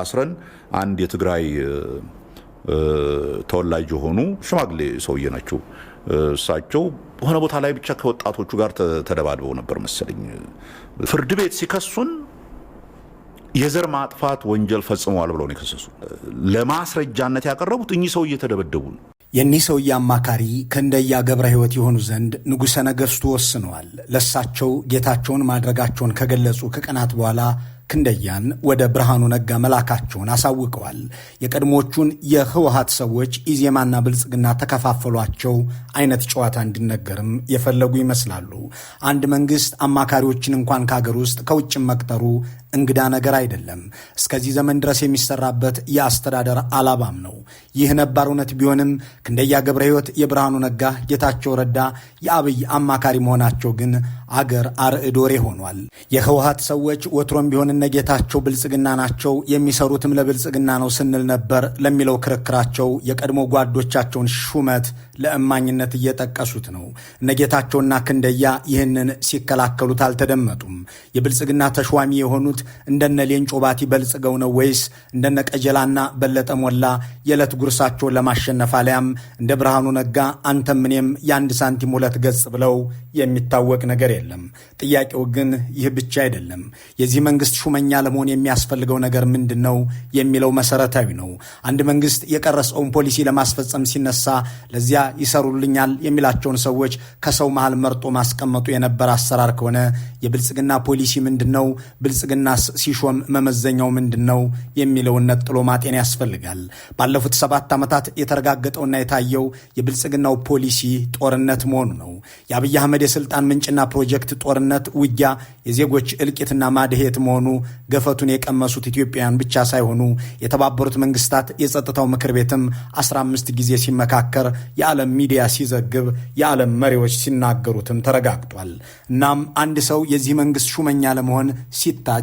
ታስረን አንድ የትግራይ ተወላጅ የሆኑ ሽማግሌ ሰውዬ ናቸው። እሳቸው በሆነ ቦታ ላይ ብቻ ከወጣቶቹ ጋር ተደባድበው ነበር መሰለኝ። ፍርድ ቤት ሲከሱን የዘር ማጥፋት ወንጀል ፈጽመዋል ብለው ነው የከሰሱ። ለማስረጃነት ያቀረቡት እኚህ ሰውዬ ተደበደቡ ነው። የኒህ ሰውዬ አማካሪ ከእንደያ ገብረ ሕይወት የሆኑ ዘንድ ንጉሠ ነገሥቱ ወስነዋል። ለእሳቸው ጌታቸውን ማድረጋቸውን ከገለጹ ከቀናት በኋላ ክንደያን ወደ ብርሃኑ ነጋ መላካቸውን አሳውቀዋል። የቀድሞቹን የህወሀት ሰዎች ኢዜማና ብልጽግና ተከፋፈሏቸው አይነት ጨዋታ እንዲነገርም የፈለጉ ይመስላሉ። አንድ መንግስት አማካሪዎችን እንኳን ከሀገር ውስጥ ከውጭም መቅጠሩ እንግዳ ነገር አይደለም። እስከዚህ ዘመን ድረስ የሚሰራበት የአስተዳደር አላባም ነው። ይህ ነባር እውነት ቢሆንም ክንደያ ገብረ ሕይወት የብርሃኑ ነጋ፣ ጌታቸው ረዳ የአብይ አማካሪ መሆናቸው ግን አገር አርዕዶሬ ሆኗል። የህወሀት ሰዎች ወትሮም ቢሆን እነ ጌታቸው ብልጽግና ናቸው፣ የሚሰሩትም ለብልጽግና ነው ስንል ነበር ለሚለው ክርክራቸው የቀድሞ ጓዶቻቸውን ሹመት ለእማኝነት እየጠቀሱት ነው። እነ ጌታቸውና ክንደያ ይህንን ሲከላከሉት አልተደመጡም። የብልጽግና ተሿሚ የሆኑት እንደነ ሌንጮ ባቲ በልጽገው ነው ወይስ እንደነ ቀጀላና በለጠ ሞላ የዕለት ጉርሳቸውን ለማሸነፍ አሊያም እንደ ብርሃኑ ነጋ አንተም እኔም የአንድ ሳንቲም ሁለት ገጽ ብለው የሚታወቅ ነገር የለም። ጥያቄው ግን ይህ ብቻ አይደለም። የዚህ መንግስት ሹመኛ ለመሆን የሚያስፈልገው ነገር ምንድን ነው የሚለው መሰረታዊ ነው። አንድ መንግስት የቀረጸውን ፖሊሲ ለማስፈጸም ሲነሳ ለዚያ ይሰሩልኛል የሚላቸውን ሰዎች ከሰው መሃል መርጦ ማስቀመጡ የነበረ አሰራር ከሆነ የብልጽግና ፖሊሲ ምንድን ነው? ብልጽግና እናስ ሲሾም መመዘኛው ምንድን ነው የሚለውን ነጥሎ ማጤን ያስፈልጋል። ባለፉት ሰባት ዓመታት የተረጋገጠውና የታየው የብልጽግናው ፖሊሲ ጦርነት መሆኑ ነው። የአብይ አህመድ የስልጣን ምንጭና ፕሮጀክት ጦርነት፣ ውጊያ፣ የዜጎች እልቂትና ማድሄት መሆኑ ገፈቱን የቀመሱት ኢትዮጵያውያን ብቻ ሳይሆኑ የተባበሩት መንግስታት የጸጥታው ምክር ቤትም 15 ጊዜ ሲመካከር፣ የዓለም ሚዲያ ሲዘግብ፣ የዓለም መሪዎች ሲናገሩትም ተረጋግጧል። እናም አንድ ሰው የዚህ መንግስት ሹመኛ ለመሆን ሲታጭ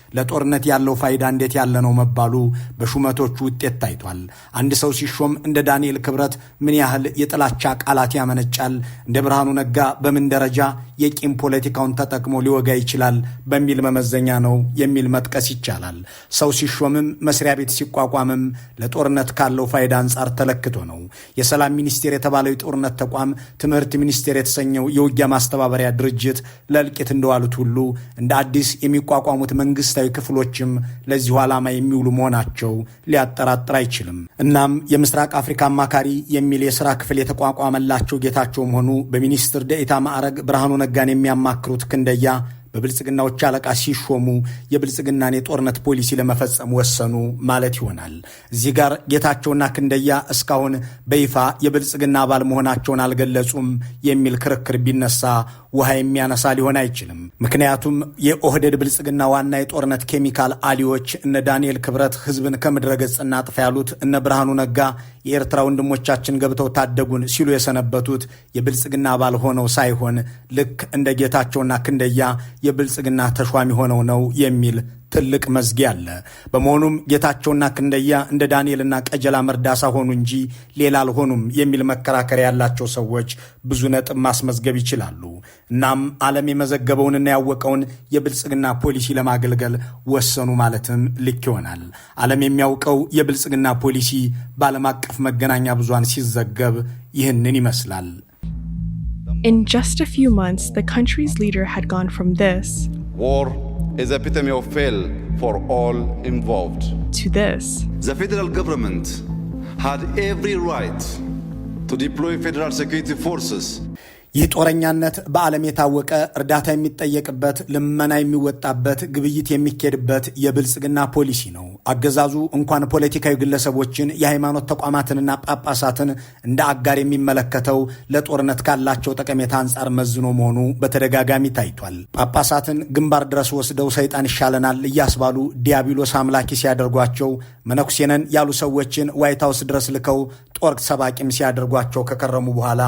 ለጦርነት ያለው ፋይዳ እንዴት ያለ ነው መባሉ በሹመቶቹ ውጤት ታይቷል። አንድ ሰው ሲሾም እንደ ዳንኤል ክብረት ምን ያህል የጥላቻ ቃላት ያመነጫል፣ እንደ ብርሃኑ ነጋ በምን ደረጃ የቂም ፖለቲካውን ተጠቅሞ ሊወጋ ይችላል በሚል መመዘኛ ነው የሚል መጥቀስ ይቻላል። ሰው ሲሾምም መስሪያ ቤት ሲቋቋምም ለጦርነት ካለው ፋይዳ አንጻር ተለክቶ ነው። የሰላም ሚኒስቴር የተባለው የጦርነት ተቋም፣ ትምህርት ሚኒስቴር የተሰኘው የውጊያ ማስተባበሪያ ድርጅት ለእልቂት እንደዋሉት ሁሉ እንደ አዲስ የሚቋቋሙት መንግስት መንግስታዊ ክፍሎችም ለዚሁ ዓላማ የሚውሉ መሆናቸው ሊያጠራጥር አይችልም። እናም የምስራቅ አፍሪካ አማካሪ የሚል የስራ ክፍል የተቋቋመላቸው ጌታቸው ሆኑ በሚኒስትር ደኤታ ማዕረግ ብርሃኑ ነጋን የሚያማክሩት ክንደያ በብልጽግናዎች አለቃ ሲሾሙ የብልጽግናን የጦርነት ፖሊሲ ለመፈጸም ወሰኑ ማለት ይሆናል። እዚህ ጋር ጌታቸውና ክንደያ እስካሁን በይፋ የብልጽግና አባል መሆናቸውን አልገለጹም የሚል ክርክር ቢነሳ ውሃ የሚያነሳ ሊሆን አይችልም። ምክንያቱም የኦህደድ ብልጽግና ዋና የጦርነት ኬሚካል አሊዎች እነ ዳንኤል ክብረት ህዝብን ከምድረ ገጽ እናጥፋ ያሉት እነ ብርሃኑ ነጋ የኤርትራ ወንድሞቻችን ገብተው ታደጉን ሲሉ የሰነበቱት የብልጽግና አባል ሆነው ሳይሆን ልክ እንደ ጌታቸውና ክንደያ የብልጽግና ተሿሚ ሆነው ነው የሚል ትልቅ መዝጊያ አለ። በመሆኑም ጌታቸውና ክንደያ እንደ ዳንኤልና ቀጀላ መርዳሳ ሆኑ እንጂ ሌላ አልሆኑም የሚል መከራከሪያ ያላቸው ሰዎች ብዙ ነጥብ ማስመዝገብ ይችላሉ። እናም ዓለም የመዘገበውንና ያወቀውን የብልጽግና ፖሊሲ ለማገልገል ወሰኑ ማለትም ልክ ይሆናል። ዓለም የሚያውቀው የብልጽግና ፖሊሲ በዓለም አቀፍ መገናኛ ብዙሃን ሲዘገብ ይህንን ይመስላል። In just a few months, the country's leader had gone from this war is epitome of fail for all involved. To this, the federal government had every right to deploy federal security forces ይህ ጦረኛነት በዓለም የታወቀ እርዳታ የሚጠየቅበት፣ ልመና የሚወጣበት፣ ግብይት የሚካሄድበት የብልጽግና ፖሊሲ ነው። አገዛዙ እንኳን ፖለቲካዊ ግለሰቦችን የሃይማኖት ተቋማትንና ጳጳሳትን እንደ አጋር የሚመለከተው ለጦርነት ካላቸው ጠቀሜታ አንጻር መዝኖ መሆኑ በተደጋጋሚ ታይቷል። ጳጳሳትን ግንባር ድረስ ወስደው ሰይጣን ይሻለናል እያስባሉ ዲያብሎስ አምላኪ ሲያደርጓቸው፣ መነኩሴነን ያሉ ሰዎችን ዋይት ሃውስ ድረስ ልከው ጦር ሰባቂም ሲያደርጓቸው ከከረሙ በኋላ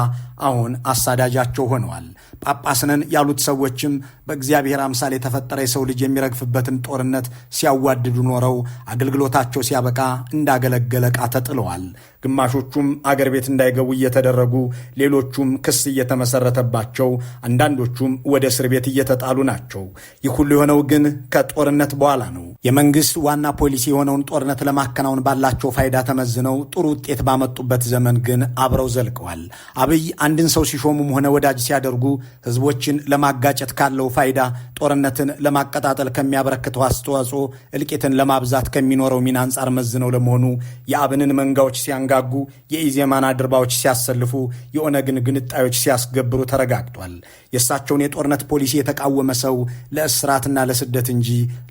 አሁን አሳዳጃቸው ሆነዋል። ጳጳስነን ያሉት ሰዎችም በእግዚአብሔር አምሳል የተፈጠረ የሰው ልጅ የሚረግፍበትን ጦርነት ሲያዋድዱ ኖረው አገልግሎታቸው ሲያበቃ እንዳገለገለ ዕቃ ተጥለዋል። ግማሾቹም አገር ቤት እንዳይገቡ እየተደረጉ፣ ሌሎቹም ክስ እየተመሰረተባቸው፣ አንዳንዶቹም ወደ እስር ቤት እየተጣሉ ናቸው። ይህ ሁሉ የሆነው ግን ከጦርነት በኋላ ነው። የመንግስት ዋና ፖሊሲ የሆነውን ጦርነት ለማከናወን ባላቸው ፋይዳ ተመዝነው ጥሩ ውጤት ባመጡ በመጡበት ዘመን ግን አብረው ዘልቀዋል። አብይ አንድን ሰው ሲሾሙም ሆነ ወዳጅ ሲያደርጉ ህዝቦችን ለማጋጨት ካለው ፋይዳ፣ ጦርነትን ለማቀጣጠል ከሚያበረክተው አስተዋጽኦ፣ እልቂትን ለማብዛት ከሚኖረው ሚና አንጻር መዝነው ለመሆኑ የአብንን መንጋዎች ሲያንጋጉ፣ የኢዜማን አድርባዎች ሲያሰልፉ፣ የኦነግን ግንጣዮች ሲያስገብሩ ተረጋግጧል። የእሳቸውን የጦርነት ፖሊሲ የተቃወመ ሰው ለእስራትና ለስደት እንጂ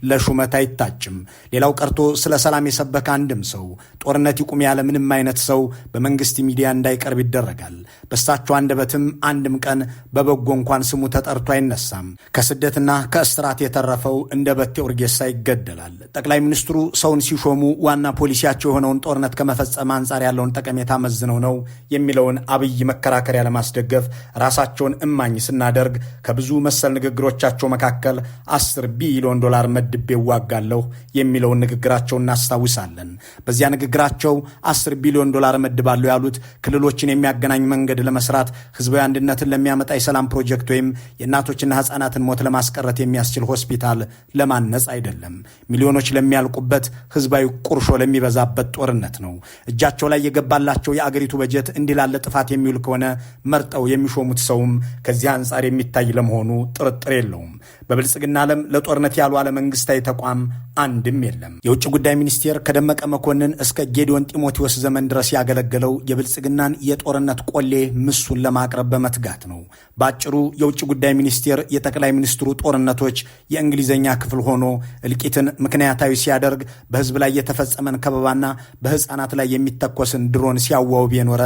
ለሹመት አይታጭም። ሌላው ቀርቶ ስለ ሰላም የሰበከ አንድም ሰው ጦርነት ይቁም ያለ ምንም አይነት ሰው በመንግስት ሚዲያ እንዳይቀርብ ይደረጋል። በእሳቸው አንደበትም አንድም ቀን በበጎ እንኳን ስሙ ተጠርቶ አይነሳም። ከስደትና ከእስራት የተረፈው እንደ በቴ ኡርጌሳ ይገደላል። ጠቅላይ ሚኒስትሩ ሰውን ሲሾሙ ዋና ፖሊሲያቸው የሆነውን ጦርነት ከመፈጸም አንጻር ያለውን ጠቀሜታ መዝነው ነው የሚለውን አብይ መከራከሪያ ለማስደገፍ ራሳቸውን እማኝ ስናደርግ ከብዙ መሰል ንግግሮቻቸው መካከል አስር ቢሊዮን ዶላር መድቤ እዋጋለሁ የሚለውን ንግግራቸው እናስታውሳለን። በዚያ ንግግራቸው አስር ቢሊዮን ዶላር እመድባለሁ ያሉት ክልሎችን የሚያገናኝ መንገድ ለመስራት ህዝባዊ አንድነትን ለሚያመጣ የሰላም ፕሮጀክት ወይም የእናቶችና ህጻናትን ሞት ለማስቀረት የሚያስችል ሆስፒታል ለማነጽ አይደለም። ሚሊዮኖች ለሚያልቁበት ህዝባዊ ቁርሾ ለሚበዛበት ጦርነት ነው። እጃቸው ላይ የገባላቸው የአገሪቱ በጀት እንዲላለ ጥፋት የሚውል ከሆነ መርጠው የሚሾሙት ሰውም ከዚህ አንጻር የሚታይ ለመሆኑ ጥርጥር የለውም። በብልጽግና ዓለም ለጦርነት ያልዋለ መንግስታዊ ተቋም አንድም የለም። የውጭ ጉዳይ ሚኒስቴር ከደመቀ መኮንን እስከ ጌዲዮን ጢሞቴዎስ ዘመን ድረስ ያገለ የሚታገለው የብልጽግናን የጦርነት ቆሌ ምሱን ለማቅረብ በመትጋት ነው። በአጭሩ የውጭ ጉዳይ ሚኒስቴር የጠቅላይ ሚኒስትሩ ጦርነቶች የእንግሊዝኛ ክፍል ሆኖ እልቂትን ምክንያታዊ ሲያደርግ በህዝብ ላይ የተፈጸመን ከበባና በህፃናት ላይ የሚተኮስን ድሮን ሲያዋውብ የኖረ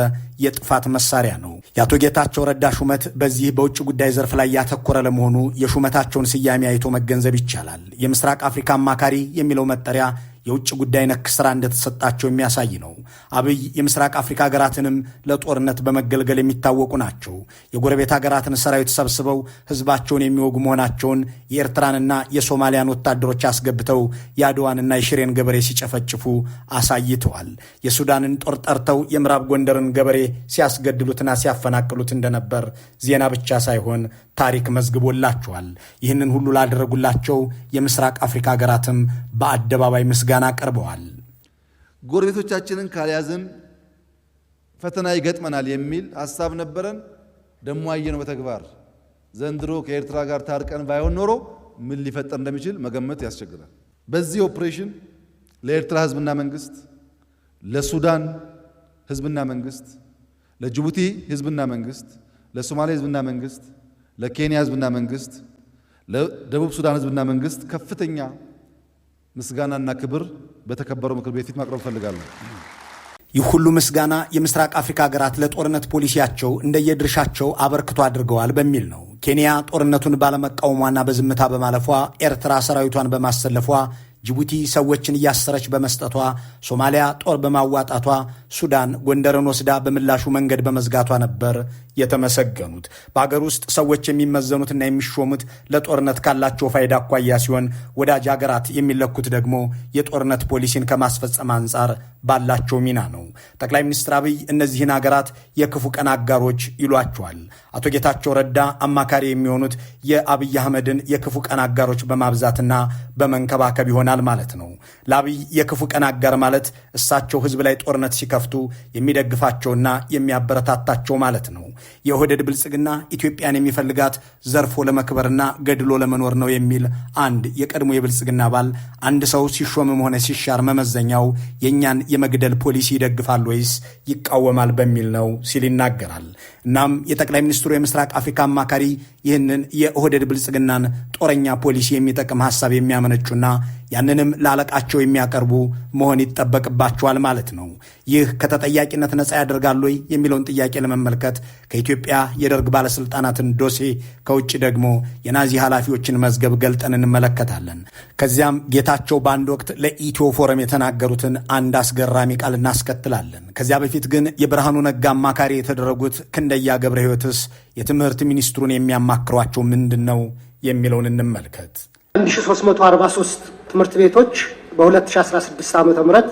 የጥፋት መሳሪያ ነው። የአቶ ጌታቸው ረዳ ሹመት በዚህ በውጭ ጉዳይ ዘርፍ ላይ ያተኮረ ለመሆኑ የሹመታቸውን ስያሜ አይቶ መገንዘብ ይቻላል። የምስራቅ አፍሪካ አማካሪ የሚለው መጠሪያ የውጭ ጉዳይ ነክ ስራ እንደተሰጣቸው የሚያሳይ ነው። አብይ የምስራቅ አፍሪካ ሀገራትንም ለጦርነት በመገልገል የሚታወቁ ናቸው። የጎረቤት ሀገራትን ሰራዊት ሰብስበው ህዝባቸውን የሚወጉ መሆናቸውን የኤርትራንና የሶማሊያን ወታደሮች አስገብተው የአድዋንና የሽሬን ገበሬ ሲጨፈጭፉ አሳይተዋል። የሱዳንን ጦር ጠርተው የምዕራብ ጎንደርን ገበሬ ሲያስገድሉትና ሲያፈናቅሉት እንደነበር ዜና ብቻ ሳይሆን ታሪክ መዝግቦላቸዋል። ይህንን ሁሉ ላደረጉላቸው የምስራቅ አፍሪካ ሀገራትም በአደባባይ ምስጋና ያን አቀርበዋል። ጎረቤቶቻችንን ካልያዝን ፈተና ይገጥመናል የሚል ሀሳብ ነበረን። ደግሞ አየነው በተግባር ዘንድሮ ከኤርትራ ጋር ታርቀን ባይሆን ኖሮ ምን ሊፈጠር እንደሚችል መገመት ያስቸግራል። በዚህ ኦፕሬሽን ለኤርትራ ህዝብና መንግስት፣ ለሱዳን ህዝብና መንግስት፣ ለጅቡቲ ህዝብና መንግስት፣ ለሶማሌ ህዝብና መንግስት፣ ለኬንያ ህዝብና መንግስት፣ ለደቡብ ሱዳን ህዝብና መንግስት ከፍተኛ ምስጋናና ክብር በተከበረው ምክር ቤት ፊት ማቅረብ እፈልጋለሁ። ይህ ሁሉ ምስጋና የምስራቅ አፍሪካ ሀገራት ለጦርነት ፖሊሲያቸው እንደየድርሻቸው አበርክቶ አድርገዋል በሚል ነው። ኬንያ ጦርነቱን ባለመቃወሟና በዝምታ በማለፏ፣ ኤርትራ ሰራዊቷን በማሰለፏ፣ ጅቡቲ ሰዎችን እያሰረች በመስጠቷ፣ ሶማሊያ ጦር በማዋጣቷ፣ ሱዳን ጎንደርን ወስዳ በምላሹ መንገድ በመዝጋቷ ነበር የተመሰገኑት። በአገር ውስጥ ሰዎች የሚመዘኑትና የሚሾሙት ለጦርነት ካላቸው ፋይዳ አኳያ ሲሆን ወዳጅ ሀገራት የሚለኩት ደግሞ የጦርነት ፖሊሲን ከማስፈጸም አንጻር ባላቸው ሚና ነው። ጠቅላይ ሚኒስትር አብይ እነዚህን ሀገራት የክፉ ቀን አጋሮች ይሏቸዋል። አቶ ጌታቸው ረዳ አማካሪ የሚሆኑት የአብይ አህመድን የክፉ ቀን አጋሮች በማብዛትና በመንከባከብ ይሆናል ማለት ነው። ለአብይ የክፉ ቀን አጋር ማለት እሳቸው ህዝብ ላይ ጦርነት ሲከፍቱ የሚደግፋቸውና የሚያበረታታቸው ማለት ነው። የወደድ ብልጽግና ኢትዮጵያን የሚፈልጋት ዘርፎ ለመክበርና ገድሎ ለመኖር ነው የሚል አንድ የቀድሞ የብልጽግና አባል አንድ ሰው ሲሾምም ሆነ ሲሻር መመዘኛው የእኛን የመግደል ፖሊሲ ይደግፋል ወይስ ይቃወማል በሚል ነው ሲል ይናገራል። እናም የጠቅላይ ሚኒስትሩ የምስራቅ አፍሪካ አማካሪ ይህንን የኦህደድ ብልጽግናን ጦረኛ ፖሊሲ የሚጠቅም ሀሳብ የሚያመነጩና ያንንም ላለቃቸው የሚያቀርቡ መሆን ይጠበቅባቸዋል ማለት ነው። ይህ ከተጠያቂነት ነፃ ያደርጋል ወይ የሚለውን ጥያቄ ለመመልከት ከኢትዮጵያ የደርግ ባለስልጣናትን ዶሴ ከውጭ ደግሞ የናዚ ኃላፊዎችን መዝገብ ገልጠን እንመለከታለን። ከዚያም ጌታቸው በአንድ ወቅት ለኢትዮ ፎረም የተናገሩትን አንድ አስገራሚ ቃል እናስከትላለን። ከዚያ በፊት ግን የብርሃኑ ነጋ አማካሪ የተደረጉት ክንደያ ገብረ ሕይወትስ የትምህርት ሚኒስትሩን የሚያማክሯቸው ምንድን ነው የሚለውን እንመልከት። 1343 ትምህርት ቤቶች በ2016 ዓ ም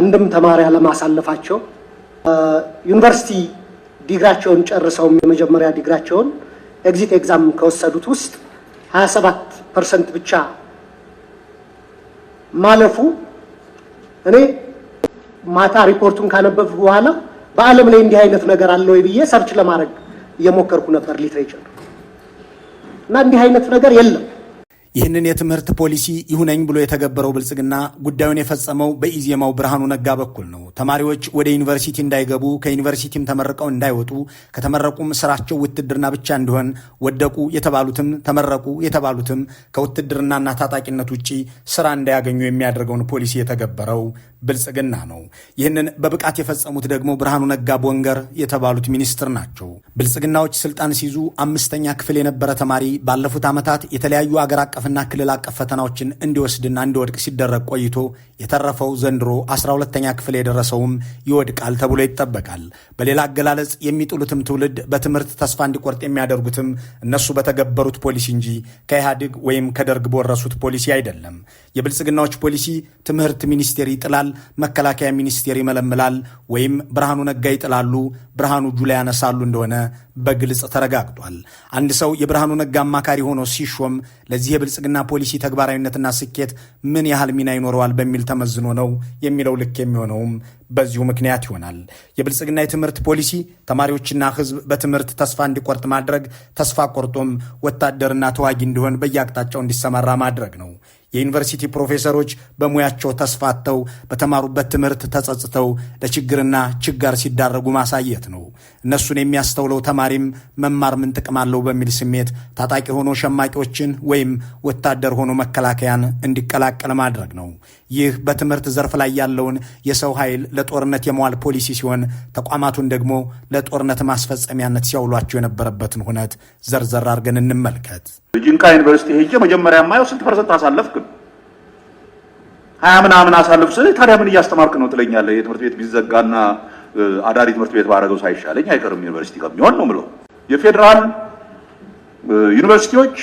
አንድም ተማሪ አለማሳለፋቸው ዩኒቨርሲቲ ዲግራቸውን ጨርሰውም የመጀመሪያ ዲግራቸውን ኤግዚት ኤግዛም ከወሰዱት ውስጥ 27 ፐርሰንት ብቻ ማለፉ እኔ ማታ ሪፖርቱን ካነበብ በኋላ በዓለም ላይ እንዲህ አይነት ነገር አለ ወይ ብዬ ሰርች ለማድረግ እየሞከርኩ ነበር ሊትሬቸር እና እንዲህ አይነት ነገር የለም። ይህንን የትምህርት ፖሊሲ ይሁነኝ ብሎ የተገበረው ብልጽግና ጉዳዩን የፈጸመው በኢዜማው ብርሃኑ ነጋ በኩል ነው። ተማሪዎች ወደ ዩኒቨርሲቲ እንዳይገቡ፣ ከዩኒቨርሲቲም ተመርቀው እንዳይወጡ፣ ከተመረቁም ስራቸው ውትድርና ብቻ እንዲሆን ወደቁ የተባሉትም ተመረቁ የተባሉትም ከውትድርናና ታጣቂነት ውጭ ስራ እንዳያገኙ የሚያደርገውን ፖሊሲ የተገበረው ብልጽግና ነው። ይህንን በብቃት የፈጸሙት ደግሞ ብርሃኑ ነጋ ቦንገር የተባሉት ሚኒስትር ናቸው። ብልጽግናዎች ስልጣን ሲይዙ አምስተኛ ክፍል የነበረ ተማሪ ባለፉት ዓመታት የተለያዩ አገር አቀፍ አቀፍና ክልል አቀፍ ፈተናዎችን እንዲወስድና እንዲወድቅ ሲደረግ ቆይቶ የተረፈው ዘንድሮ 12ተኛ ክፍል የደረሰውም ይወድቃል ተብሎ ይጠበቃል። በሌላ አገላለጽ የሚጥሉትም ትውልድ በትምህርት ተስፋ እንዲቆርጥ የሚያደርጉትም እነሱ በተገበሩት ፖሊሲ እንጂ ከኢህአዴግ ወይም ከደርግ በወረሱት ፖሊሲ አይደለም። የብልጽግናዎች ፖሊሲ ትምህርት ሚኒስቴር ይጥላል፣ መከላከያ ሚኒስቴር ይመለምላል፣ ወይም ብርሃኑ ነጋ ይጥላሉ፣ ብርሃኑ ጁላ ያነሳሉ እንደሆነ በግልጽ ተረጋግጧል። አንድ ሰው የብርሃኑ ነጋ አማካሪ ሆኖ ሲሾም ለዚህ የብልጽግና ፖሊሲ ተግባራዊነትና ስኬት ምን ያህል ሚና ይኖረዋል በሚል ተመዝኖ ነው የሚለው ልክ የሚሆነውም በዚሁ ምክንያት ይሆናል። የብልጽግና የትምህርት ፖሊሲ ተማሪዎችና ሕዝብ በትምህርት ተስፋ እንዲቆርጥ ማድረግ፣ ተስፋ ቆርጦም ወታደርና ተዋጊ እንዲሆን በየአቅጣጫው እንዲሰማራ ማድረግ ነው። የዩኒቨርሲቲ ፕሮፌሰሮች በሙያቸው ተስፋተው በተማሩበት ትምህርት ተጸጽተው ለችግርና ችጋር ሲዳረጉ ማሳየት ነው። እነሱን የሚያስተውለው ተማሪም መማር ምን ጥቅም አለው በሚል ስሜት ታጣቂ ሆኖ ሸማቂዎችን ወይም ወታደር ሆኖ መከላከያን እንዲቀላቀል ማድረግ ነው። ይህ በትምህርት ዘርፍ ላይ ያለውን የሰው ኃይል ለጦርነት የመዋል ፖሊሲ ሲሆን ተቋማቱን ደግሞ ለጦርነት ማስፈጸሚያነት ሲያውሏቸው የነበረበትን ሁነት ዘርዘር አድርገን እንመልከት። ጅንካ ዩኒቨርሲቲ ሄጄ መጀመሪያ ማየው ስንት ፐርሰንት አሳለፍክም? ሀያ ምናምን አሳልፍ ስል ታዲያ ምን እያስተማርክ ነው ትለኛለህ። የትምህርት ቤት ቢዘጋና አዳሪ ትምህርት ቤት ባደረገው ሳይሻለኝ አይቀርም ዩኒቨርሲቲ ከሚሆን ነው የፌዴራል ዩኒቨርሲቲዎች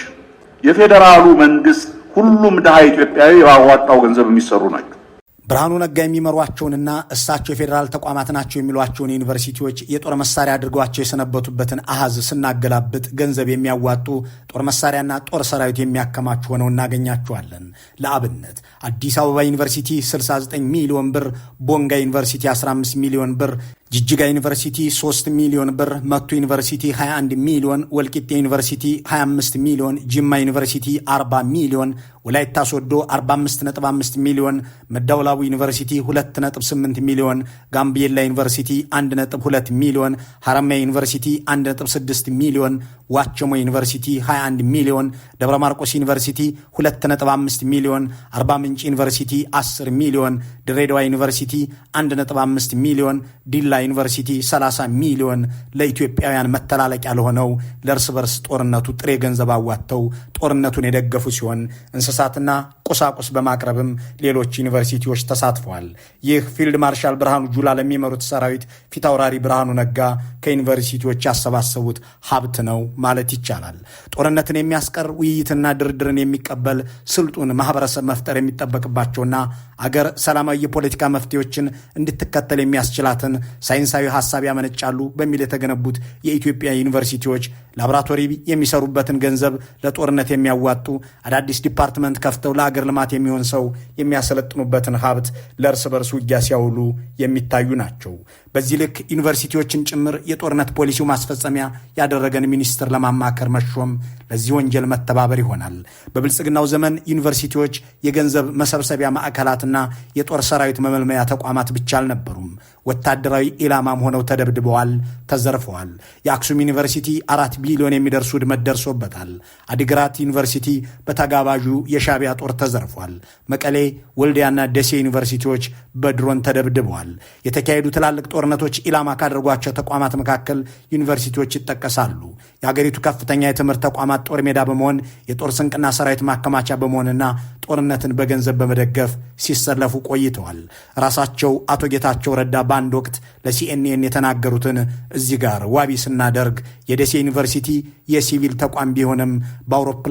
የፌዴራሉ መንግስት ሁሉም ድሃ ኢትዮጵያዊ ባዋጣው ገንዘብ የሚሰሩ ናቸው። ብርሃኑ ነጋ የሚመሯቸውንና እሳቸው የፌዴራል ተቋማት ናቸው የሚሏቸውን ዩኒቨርሲቲዎች የጦር መሳሪያ አድርገዋቸው የሰነበቱበትን አሃዝ ስናገላብጥ ገንዘብ የሚያዋጡ ጦር መሳሪያና ጦር ሰራዊት የሚያከማቹ ሆነው እናገኛቸዋለን። ለአብነት አዲስ አበባ ዩኒቨርሲቲ 69 ሚሊዮን ብር፣ ቦንጋ ዩኒቨርሲቲ 15 ሚሊዮን ብር ጅጅጋ ዩኒቨርሲቲ 3 ሚሊዮን ብር፣ መቱ ዩኒቨርሲቲ 21 ሚሊዮን፣ ወልቂጤ ዩኒቨርሲቲ 25 ሚሊዮን፣ ጅማ ዩኒቨርሲቲ 40 ሚሊዮን፣ ወላይታ ሶዶ 45.5 ሚሊዮን፣ መዳውላቡ ዩኒቨርሲቲ 2.8 ሚሊዮን፣ ጋምቤላ ዩኒቨርሲቲ 1.2 ሚሊዮን፣ ሐረማያ ዩኒቨርሲቲ 1.6 ሚሊዮን፣ ዋቸሞ ዩኒቨርሲቲ 21 ሚሊዮን፣ ደብረ ማርቆስ ዩኒቨርሲቲ 2.5 ሚሊዮን፣ አርባ ምንጭ ዩኒቨርሲቲ 10 ሚሊዮን፣ ድሬዳዋ ዩኒቨርሲቲ 1.5 ሚሊዮን፣ ዲላ ዩኒቨርሲቲ 30 ሚሊዮን ለኢትዮጵያውያን መተላለቂያ ለሆነው ለእርስ በርስ ጦርነቱ ጥሬ ገንዘብ አዋጥተው ጦርነቱን የደገፉ ሲሆን እንስሳትና ቁሳቁስ በማቅረብም ሌሎች ዩኒቨርሲቲዎች ተሳትፈዋል። ይህ ፊልድ ማርሻል ብርሃኑ ጁላ ለሚመሩት ሰራዊት ፊታውራሪ ብርሃኑ ነጋ ከዩኒቨርሲቲዎች ያሰባሰቡት ሀብት ነው ማለት ይቻላል። ጦርነትን የሚያስቀር ውይይትና ድርድርን የሚቀበል ስልጡን ማህበረሰብ መፍጠር የሚጠበቅባቸውና አገር ሰላማዊ የፖለቲካ መፍትሄዎችን እንድትከተል የሚያስችላትን ሳይንሳዊ ሀሳብ ያመነጫሉ በሚል የተገነቡት የኢትዮጵያ ዩኒቨርሲቲዎች ላቦራቶሪ የሚሰሩበትን ገንዘብ ለጦርነት የሚያዋጡ አዳዲስ ዲፓርትመንት ከፍተው ለአገር ልማት የሚሆን ሰው የሚያሰለጥኑበትን ሀብት ለእርስ በርስ ውጊያ ሲያውሉ የሚታዩ ናቸው። በዚህ ልክ ዩኒቨርሲቲዎችን ጭምር የጦርነት ፖሊሲው ማስፈጸሚያ ያደረገን ሚኒስትር ለማማከር መሾም ለዚህ ወንጀል መተባበር ይሆናል። በብልጽግናው ዘመን ዩኒቨርሲቲዎች የገንዘብ መሰብሰቢያ ማዕከላትና የጦር ሰራዊት መመልመያ ተቋማት ብቻ አልነበሩም። ወታደራዊ ኢላማም ሆነው ተደብድበዋል፣ ተዘርፈዋል። የአክሱም ዩኒቨርሲቲ አራት ቢሊዮን የሚደርሱ ውድመት ደርሶበታል። አዲግራት ዩኒቨርሲቲ በተጋባዡ የሻቢያ ጦር ተዘርፏል። መቀሌ፣ ወልዲያና ደሴ ዩኒቨርሲቲዎች በድሮን ተደብድበዋል። የተካሄዱ ትላልቅ ጦርነቶች ኢላማ ካደርጓቸው ተቋማት መካከል ዩኒቨርሲቲዎች ይጠቀሳሉ። የአገሪቱ ከፍተኛ የትምህርት ተቋማት ጦር ሜዳ በመሆን የጦር ስንቅና ሰራዊት ማከማቻ በመሆንና ጦርነትን በገንዘብ በመደገፍ ሲሰለፉ ቆይተዋል። ራሳቸው አቶ ጌታቸው ረዳ በአንድ ወቅት ለሲኤንኤን የተናገሩትን እዚህ ጋር ዋቢ ስናደርግ የደሴ ዩኒቨርሲቲ የሲቪል ተቋም ቢሆንም በአውሮፕላ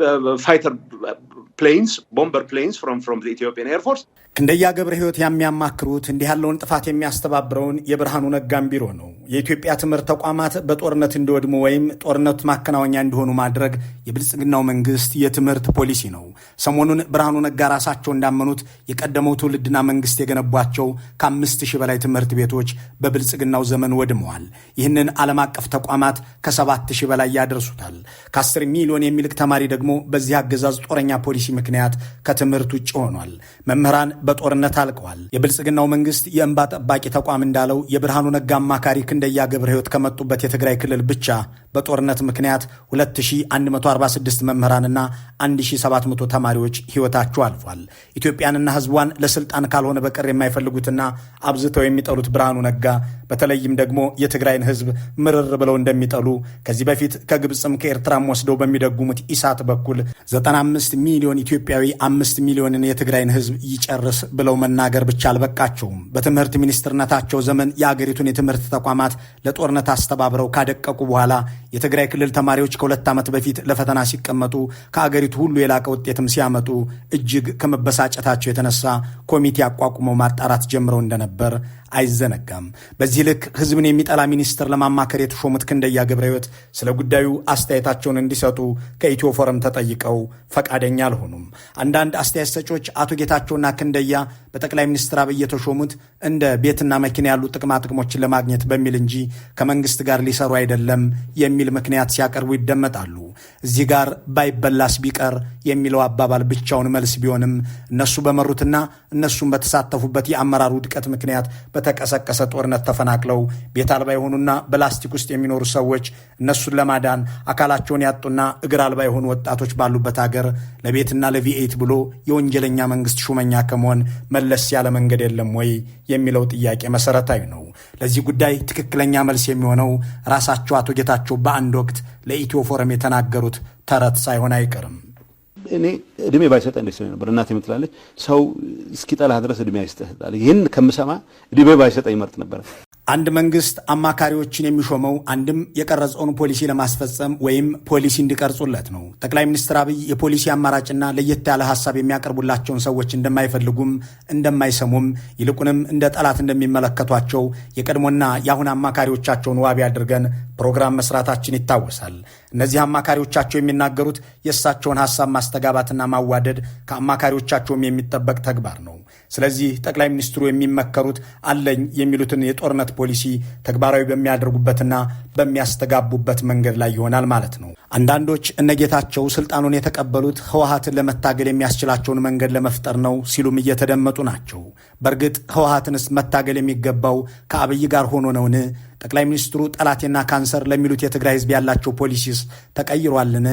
Uh, fighter planes, bomber planes from, from the Ethiopian Air Force. ክንደያ ገብረ ሕይወት የሚያማክሩት እንዲህ ያለውን ጥፋት የሚያስተባብረውን የብርሃኑ ነጋን ቢሮ ነው። የኢትዮጵያ ትምህርት ተቋማት በጦርነት እንዲወድሙ ወይም ጦርነት ማከናወኛ እንዲሆኑ ማድረግ የብልጽግናው መንግስት የትምህርት ፖሊሲ ነው። ሰሞኑን ብርሃኑ ነጋ ራሳቸው እንዳመኑት የቀደመው ትውልድና መንግስት የገነቧቸው ከአምስት ሺህ በላይ ትምህርት ቤቶች በብልጽግናው ዘመን ወድመዋል። ይህንን ዓለም አቀፍ ተቋማት ከሰባት ሺህ በላይ ያደርሱታል። ከአስር ሚሊዮን የሚልቅ ተማሪ ደግሞ በዚህ አገዛዝ ጦረኛ ፖሊሲ ምክንያት ከትምህርት ውጭ ሆኗል። መምህራን በጦርነት አልቀዋል። የብልጽግናው መንግስት የእንባ ጠባቂ ተቋም እንዳለው የብርሃኑ ነጋ አማካሪ ክንደያ ገብረ ህይወት ከመጡበት የትግራይ ክልል ብቻ በጦርነት ምክንያት 2146 መምህራንና 1700 ተማሪዎች ህይወታቸው አልፏል። ኢትዮጵያንና ህዝቧን ለስልጣን ካልሆነ በቀር የማይፈልጉትና አብዝተው የሚጠሉት ብርሃኑ ነጋ በተለይም ደግሞ የትግራይን ህዝብ ምርር ብለው እንደሚጠሉ ከዚህ በፊት ከግብፅም ከኤርትራም ወስደው በሚደጉሙት ኢሳት በኩል 95 ሚሊዮን ኢትዮጵያዊ 5 ሚሊዮንን የትግራይን ህዝብ ይጨርስ ድረስ ብለው መናገር ብቻ አልበቃቸውም። በትምህርት ሚኒስትርነታቸው ዘመን የአገሪቱን የትምህርት ተቋማት ለጦርነት አስተባብረው ካደቀቁ በኋላ የትግራይ ክልል ተማሪዎች ከሁለት ዓመት በፊት ለፈተና ሲቀመጡ ከአገሪቱ ሁሉ የላቀ ውጤትም ሲያመጡ እጅግ ከመበሳጨታቸው የተነሳ ኮሚቴ አቋቁመው ማጣራት ጀምረው እንደነበር አይዘነጋም። በዚህ ልክ ህዝብን የሚጠላ ሚኒስትር ለማማከር የተሾሙት ክንደያ ገብረ ሕይወት ስለ ጉዳዩ አስተያየታቸውን እንዲሰጡ ከኢትዮ ፎረም ተጠይቀው ፈቃደኛ አልሆኑም። አንዳንድ አስተያየት ሰጪዎች አቶ ጌታቸውና ክንደያ በጠቅላይ ሚኒስትር አብይ የተሾሙት እንደ ቤትና መኪና ያሉ ጥቅማ ጥቅሞችን ለማግኘት በሚል እንጂ ከመንግስት ጋር ሊሰሩ አይደለም የሚል ምክንያት ሲያቀርቡ ይደመጣሉ። እዚህ ጋር ባይበላስ ቢቀር የሚለው አባባል ብቻውን መልስ ቢሆንም እነሱ በመሩትና እነሱም በተሳተፉበት የአመራር ውድቀት ምክንያት በተቀሰቀሰ ጦርነት ተፈናቅለው ቤት አልባ የሆኑና በላስቲክ ውስጥ የሚኖሩ ሰዎች እነሱን ለማዳን አካላቸውን ያጡና እግር አልባ የሆኑ ወጣቶች ባሉበት አገር ለቤትና ለቪኤት ብሎ የወንጀለኛ መንግስት ሹመኛ ከመሆን መለስ ያለ መንገድ የለም ወይ የሚለው ጥያቄ መሰረታዊ ነው። ለዚህ ጉዳይ ትክክለኛ መልስ የሚሆነው ራሳቸው አቶ ጌታቸው በአንድ ወቅት ለኢትዮ ፎረም የተናገሩት ተረት ሳይሆን አይቀርም። እኔ እድሜ ባይሰጠኝ ደስ ይለኝ ነበር። እናቴ የምትላለች ሰው እስኪጠላህ ድረስ እድሜ አይስጥህ። ይህን ከምሰማ እድሜ ባይሰጠኝ ይመርጥ ነበር። አንድ መንግስት አማካሪዎችን የሚሾመው አንድም የቀረጸውን ፖሊሲ ለማስፈጸም ወይም ፖሊሲ እንዲቀርጹለት ነው። ጠቅላይ ሚኒስትር አብይ የፖሊሲ አማራጭና ለየት ያለ ሀሳብ የሚያቀርቡላቸውን ሰዎች እንደማይፈልጉም እንደማይሰሙም ይልቁንም እንደ ጠላት እንደሚመለከቷቸው የቀድሞና የአሁን አማካሪዎቻቸውን ዋቢ አድርገን ፕሮግራም መስራታችን ይታወሳል። እነዚህ አማካሪዎቻቸው የሚናገሩት የእሳቸውን ሐሳብ ማስተጋባትና ማዋደድ ከአማካሪዎቻቸውም የሚጠበቅ ተግባር ነው። ስለዚህ ጠቅላይ ሚኒስትሩ የሚመከሩት አለኝ የሚሉትን የጦርነት ፖሊሲ ተግባራዊ በሚያደርጉበትና በሚያስተጋቡበት መንገድ ላይ ይሆናል ማለት ነው። አንዳንዶች እነጌታቸው ስልጣኑን የተቀበሉት ህወሀትን ለመታገል የሚያስችላቸውን መንገድ ለመፍጠር ነው ሲሉም እየተደመጡ ናቸው። በእርግጥ ህወሀትንስ መታገል የሚገባው ከአብይ ጋር ሆኖ ነውን? ጠቅላይ ሚኒስትሩ ጠላቴና ካንሰር ለሚሉት የትግራይ ህዝብ ያላቸው ፖሊሲስ ተቀይሯልን?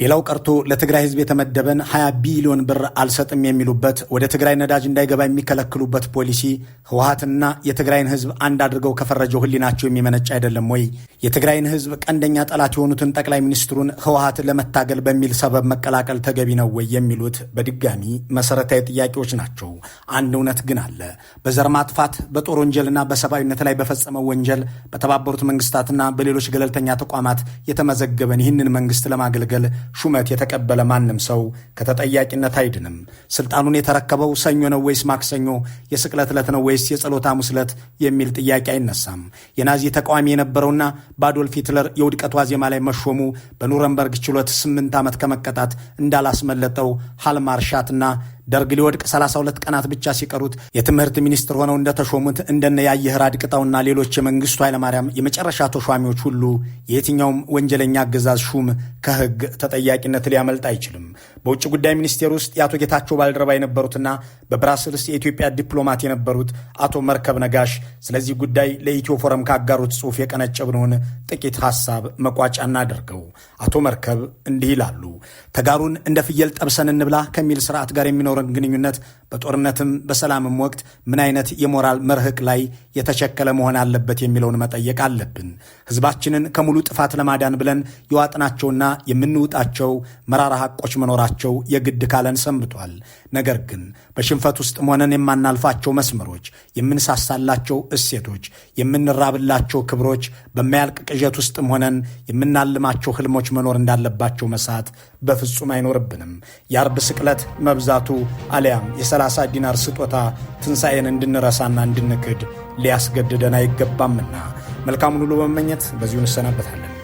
ሌላው ቀርቶ ለትግራይ ህዝብ የተመደበን 20 ቢሊዮን ብር አልሰጥም የሚሉበት ወደ ትግራይ ነዳጅ እንዳይገባ የሚከለክሉበት ፖሊሲ ህወሀትና የትግራይን ህዝብ አንድ አድርገው ከፈረጀው ህሊናቸው የሚመነጭ አይደለም ወይ? የትግራይን ህዝብ ቀንደኛ ጠላት የሆኑትን ጠቅላይ ሚኒስትሩን ህወሀት ለመታገል በሚል ሰበብ መቀላቀል ተገቢ ነው ወይ የሚሉት በድጋሚ መሰረታዊ ጥያቄዎች ናቸው። አንድ እውነት ግን አለ። በዘር ማጥፋት በጦር ወንጀልና በሰብአዊነት ላይ በፈጸመው ወንጀል በተባበሩት መንግስታትና በሌሎች ገለልተኛ ተቋማት የተመዘገበን ይህንን መንግስት ለማገልገል ሹመት የተቀበለ ማንም ሰው ከተጠያቂነት አይድንም። ስልጣኑን የተረከበው ሰኞ ነው ወይስ ማክሰኞ፣ የስቅለት ዕለት ነው ወይስ የጸሎተ ሐሙስ ዕለት የሚል ጥያቄ አይነሳም። የናዚ ተቃዋሚ የነበረውና በአዶልፍ ሂትለር የውድቀት ዋዜማ ላይ መሾሙ በኑረንበርግ ችሎት ስምንት ዓመት ከመቀጣት እንዳላስመለጠው ሃልማርሻትና ደርግ ሊወድቅ 32 ቀናት ብቻ ሲቀሩት የትምህርት ሚኒስትር ሆነው እንደተሾሙት እንደነ ያየህር አድቅጣውና ሌሎች የመንግስቱ ኃይለማርያም የመጨረሻ ተሿሚዎች ሁሉ የትኛውም ወንጀለኛ አገዛዝ ሹም ከህግ ተጠያቂነት ሊያመልጥ አይችልም። በውጭ ጉዳይ ሚኒስቴር ውስጥ የአቶ ጌታቸው ባልደረባ የነበሩትና በብራስልስ የኢትዮጵያ ዲፕሎማት የነበሩት አቶ መርከብ ነጋሽ ስለዚህ ጉዳይ ለኢትዮ ፎረም ካጋሩት ጽሑፍ የቀነጨብነውን ጥቂት ሀሳብ መቋጫ እናደርገው። አቶ መርከብ እንዲህ ይላሉ። ተጋሩን እንደ ፍየል ጠብሰን እንብላ ከሚል ስርዓት ጋር የሚኖረ የሚኖረን ግንኙነት በጦርነትም በሰላምም ወቅት ምን አይነት የሞራል መርህቅ ላይ የተቸከለ መሆን አለበት የሚለውን መጠየቅ አለብን። ህዝባችንን ከሙሉ ጥፋት ለማዳን ብለን የዋጥናቸውና የምንውጣቸው መራራ ሐቆች መኖራቸው የግድ ካለን ሰንብቷል። ነገር ግን በሽንፈት ውስጥ ሆነን የማናልፋቸው መስመሮች፣ የምንሳሳላቸው እሴቶች፣ የምንራብላቸው ክብሮች፣ በማያልቅ ቅዠት ውስጥም ሆነን የምናልማቸው ህልሞች መኖር እንዳለባቸው መሳት በፍጹም አይኖርብንም። የአርብ ስቅለት መብዛቱ አሊያም የ30 ዲናር ስጦታ ትንሣኤን እንድንረሳና እንድንክድ ሊያስገድደን አይገባምና መልካሙን ሁሉ በመመኘት በዚሁ እንሰናበታለን።